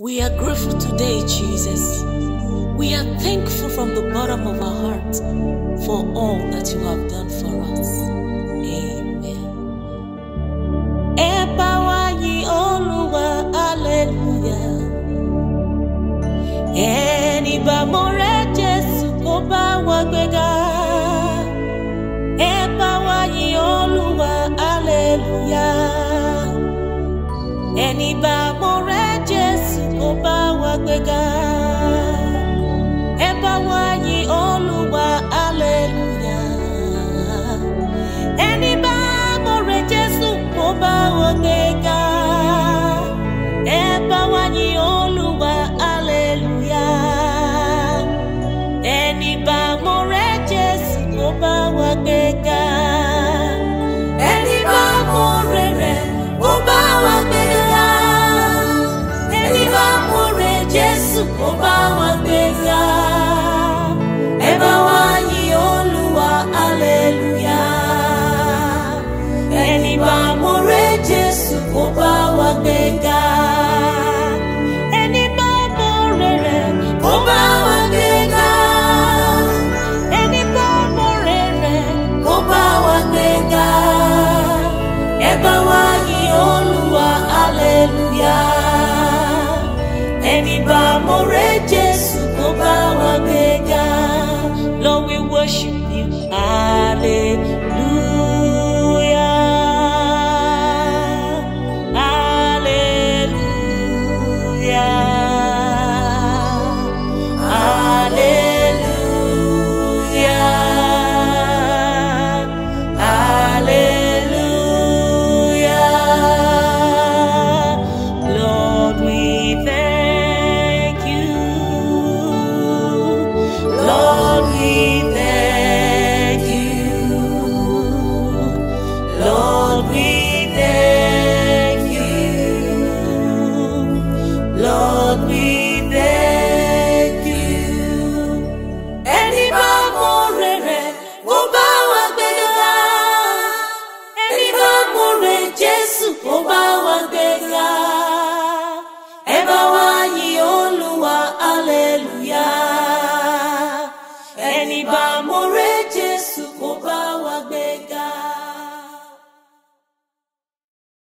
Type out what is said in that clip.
We are grateful today, Jesus. We are thankful from the bottom of our hearts for all that you have done for us. Amen. Ẹ̀bá Olúwa, Ẹni bá Olúwa, Ẹni bá we got. kó bá wọn gbéga ẹ bá wá yìn olúwa aleluya ẹni bá mọ̀rẹ́ jésù kó bá wa gbéga. ẹni bá mọ̀rẹ́ rẹ̀ kó Ìbá mo rẹ Jésù kó bá wa Lord, we worship you. Hallelujah.